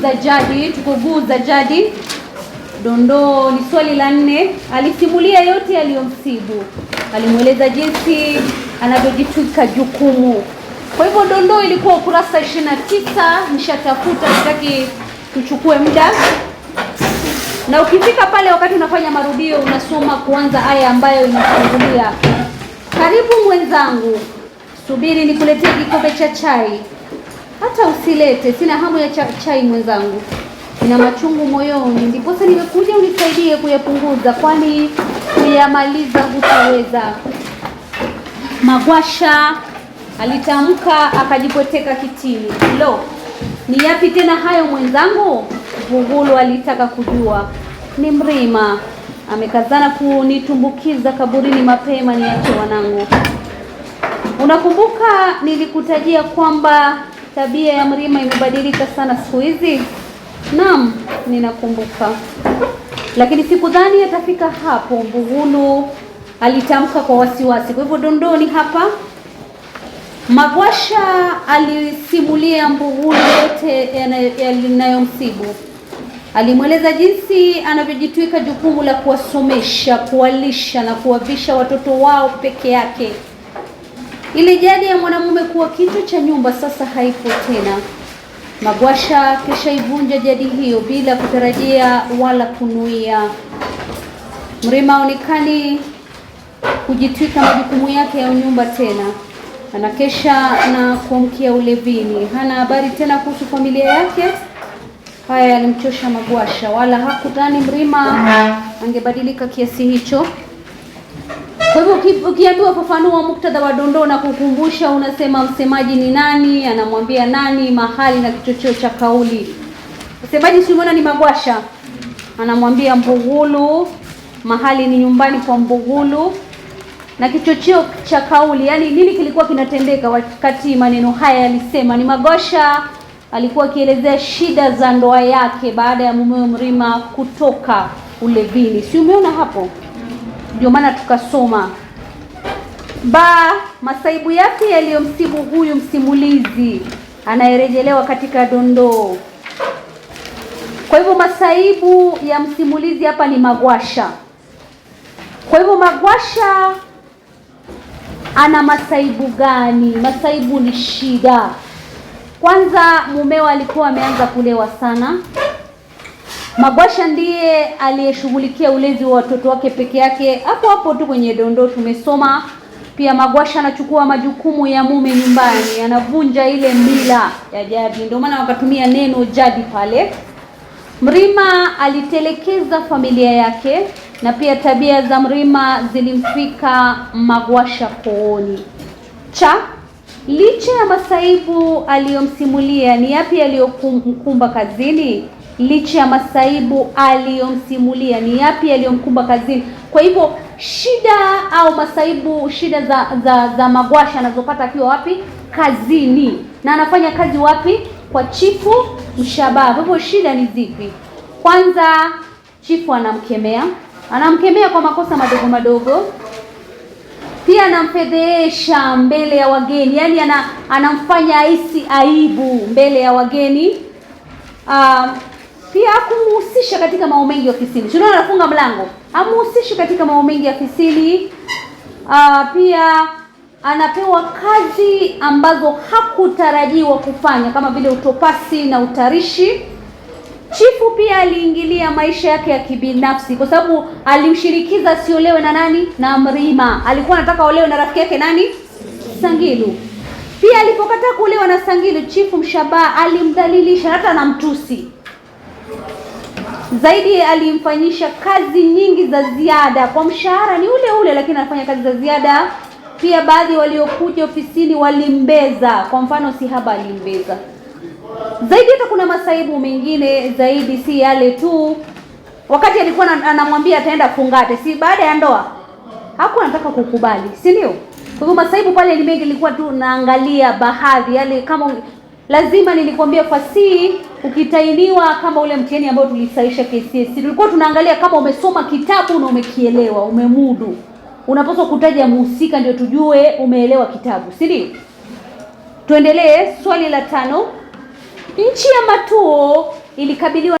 Tukuguza jadi, tukuguza jadi. Dondoo ni swali la nne. Alisimulia yote yaliyomsibu, alimweleza jinsi anavyojitwika jukumu. Kwa hivyo dondoo ilikuwa ukurasa 29, nishatafuta, sitaki tuchukue muda. Na ukifika pale, wakati unafanya marudio, unasoma kuanza aya ambayo inafungulia. Karibu mwenzangu, subiri nikuletee kikombe cha chai. Hata usilete, sina hamu ya chai mwenzangu, ina machungu moyoni, ndiposa nimekuja unisaidie kuyapunguza, kwani kuyamaliza hutaweza. Magwasha alitamka akajipoteka kitini. Lo, ni yapi tena hayo mwenzangu? vugulu alitaka kujua. Ni Mrima amekazana kunitumbukiza kaburini mapema niache wanangu. Unakumbuka nilikutajia kwamba Tabia ya Mrima imebadilika sana siku hizi. Naam, ninakumbuka, lakini sikudhani atafika hapo, Mvugunu alitamka kwa wasiwasi. Kwa hivyo dondoni hapa, Magwasha alisimulia Mvugunu yote yanayomsibu alimweleza jinsi anavyojitwika jukumu la kuwasomesha, kuwalisha na kuwavisha watoto wao peke yake ile jadi ya mwanamume kuwa kichwa cha nyumba sasa haipo tena. Magwasha kishaivunja jadi hiyo bila kutarajia wala kunuia. Mrima aonekani kujitwika majukumu yake ya nyumba tena, anakesha na kuamkia ulevini. Hana habari tena kuhusu familia yake. Haya yalimchosha Magwasha, wala hakudhani Mrima angebadilika kiasi hicho. Kwa hivyo ukiambiwa fafanua muktadha wa dondoo na kukumbusha, unasema msemaji ni nani, anamwambia nani, mahali na kichocheo cha kauli. Msemaji umeona ni Magwasha, anamwambia Mbugulu, mahali ni nyumbani kwa Mbugulu na kichocheo cha kauli, yaani nini kilikuwa kinatendeka wakati maneno haya yalisema. Ni Magwasha alikuwa akielezea shida za ndoa yake baada ya mumewe Mrima kutoka ulevini, si umeona hapo? ndio maana tukasoma ba masaibu yake yaliyomsibu huyu msimulizi anayerejelewa katika dondoo. Kwa hivyo masaibu ya msimulizi hapa ni magwasha. Kwa hivyo magwasha ana masaibu gani? Masaibu ni shida. Kwanza mumeo alikuwa ameanza kulewa sana. Magwasha ndiye aliyeshughulikia ulezi wa watoto wake peke yake. Hapo hapo tu kwenye dondoo tumesoma pia, Magwasha anachukua majukumu ya mume nyumbani, anavunja ile mila ya jadi, ndio maana wakatumia neno jadi pale. Mrima alitelekeza familia yake, na pia tabia za Mrima zilimfika Magwasha kooni. Cha licha ya masaibu aliyomsimulia, ni yapi aliyokumba kazini? licha ya masaibu aliyomsimulia, ni yapi yaliyomkumba kazini. Kwa hivyo shida au masaibu, shida za za, za Magwasha anazopata akiwa wapi? Kazini. Na anafanya kazi wapi? Kwa Chifu Mshabaha. Kwa hivyo shida ni zipi? Kwanza chifu anamkemea, anamkemea kwa makosa madogo madogo pia anamfedhesha mbele ya wageni, yaani ana, anamfanya aisi aibu mbele ya wageni. Uh, pia hakumuhusisha katika mambo mengi ofisini. Tunaona anafunga mlango, hamuhusishi katika mambo mengi ofisini. Uh, pia anapewa kazi ambazo hakutarajiwa kufanya kama vile utopasi na utarishi. Chifu pia aliingilia maisha yake ya kibinafsi kwa sababu alimshirikiza asiolewe na nani, na Mrima. Alikuwa anataka olewe na rafiki yake nani, Sangilu. Pia alipokataa kuolewa na Sangilu, Chifu Mshabaha alimdhalilisha hata na mtusi zaidi alimfanyisha kazi nyingi za ziada kwa mshahara ni ule ule, lakini anafanya kazi za ziada. Pia baadhi waliokuja ofisini walimbeza, kwa mfano Sihaba alimbeza zaidi. Hata kuna masaibu mengine zaidi, si yale tu. Wakati alikuwa anamwambia ataenda kungate, si baada ya ndoa, hakuwa anataka kukubali, si ndio? Kwa hivyo masaibu pale ni mengi, ilikuwa tu naangalia baadhi yale, kama lazima nilikwambia fasihi ukitainiwa kama ule mtihani ambao tulisaisha KCSE, tulikuwa tunaangalia kama umesoma kitabu na umekielewa, umemudu. Unapaswa kutaja mhusika ndio tujue umeelewa kitabu, si ndio? Tuendelee, swali la tano. Nchi ya Matuo ilikabiliwa